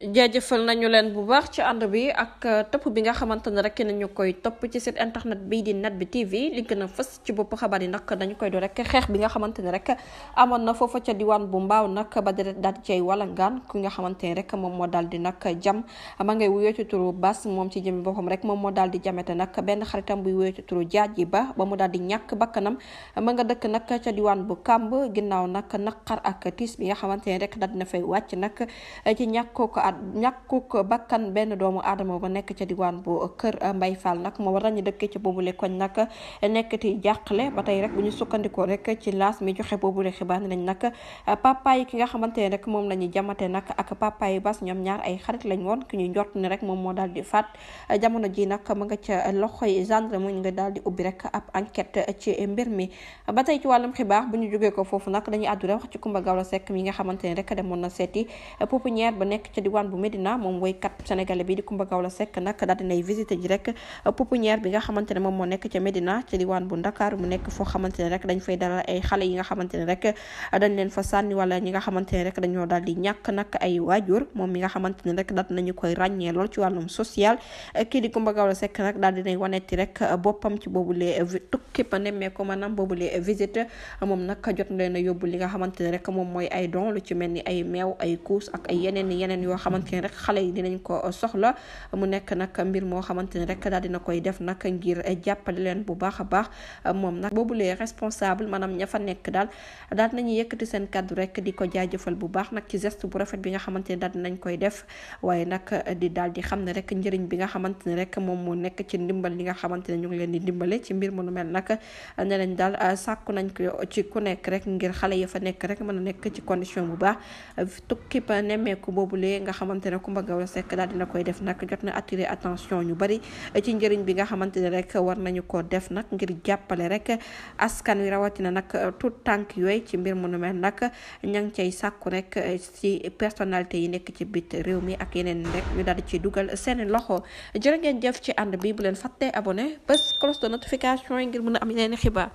jaajëfal nañu leen bu baax ci ànd bi ak euh, tëpp bi nga xamante ne rek nañu koy topp ci site internet bii di net bi TV li gën a fës ci bopp xabaar yi nag dañu koy do rek xeex bi nga xamante ne rek amoon na foofa ca diwaan bu mbaaw nag ba deret daal di cay walangaan ku nga xamante ne rek moom moo daal di nag jam ma ngay wuyoo ci turu bas moom ci jëmi boppam rek moom moo daal di jamete nag benn xaritam buy wuyoo ci turu jaaj yi ba ba mu daal di ñàkk bakkanam ma nga dëkk nag ca diwaan bu kàmb ginnaaw nag naqar ak tiis bi nga xamante ne rek daal dina fay wàcc nag ci at ñàkkuk bakkan benn doomu aadama ba nekk ca diwaan bu kër Mbay Fall nag moo waral ñu dëkkee ci boobule koñ nag nekkati jàqle ba tey rek ñu sukkandikoo rek ci laas mi joxe boobule xibaar nañ nag papa ki nga xamante ne rek moom la ñuy jamate nag ak papa yi ñoom ñaar ay xarit lañ woon ki ñuy njort ni rek moom moo daal di faat jamono ji nag ma nga ca loxoy gendarme ñu nga daal di ubbi rek ab enquête ci mbir mi ba tey ci wàllum xibaar bu ñu jógee ko foofu nag dañuy àddu wax ci Kumba Gawlo Seck mi nga xamante ne rek demoon na seeti pouponnière ba nekk ca diwaan diwaan bu Medina moom woykat sénégalais bi di Coumba Gawlo Seck nag daal dinay visité ji rek pouponnière bi nga xamante ne moom moo nekk ca Medina ca diwaan bu Ndakar mu nekk foo xamante ne rek dañ fay yi nga xamante ne rek dañ leen fa sànni wala ay waajur moom mi nga xamante ne rek daal nañu koy ràññee lool ci wàllum social kii di Coumba Gawlo Seck nag daal dinay waneeti rek boppam ci boobu lee tukki ba nemmeeku maanaam boobu lee visite moom nag jot leen a yóbbu li nga xamante ne rek moom mooy ay don lu ci xamante ni rek yi dinañ ko soxla mu nekk nag mbir moo xamante ni rek daal dina koy def nag ngir jàppale leen bu baax a baax moom nag boobulee responsable maanaam ña fa nekk daal daal nañu yëkkati seen kàddu rek di ko jaajëfal bu baax nag ci geste bu rafet bi nga xamante ni daal dinañ koy def waaye nag di daal di xam ne rek njëriñ bi nga xamante ni rek moom moo nekk ci ndimbal li nga xamante ne ñu ngi leen di ndimbale ci mbir mu nu mel nag ne daal sàkku nañ ko ci ku nekk rek ngir xale ya fa nekk rek mën a nekk ci condition bu baax tukki pa nemmeeku boobulee nga xamante ne Coumba Gawlo Seck daal dina koy def nag jot na attirer attention ñu bari ci njëriñ bi nga xamante ne rek war nañu ko def nag ngir jàppale rek askan wi rawatina nag tout tànk yooyu ci mbir mu nu mel nag ña ngi cay sàkku rek ci personnalité yi nekk ci bit réew mi ak yeneen rek ñu daal di ci dugal seen loxo jërë ngeen jëf ci ànd bi bu leen fàtte abonné bés cloche de notification yi ngir mën a am yeneen xibaar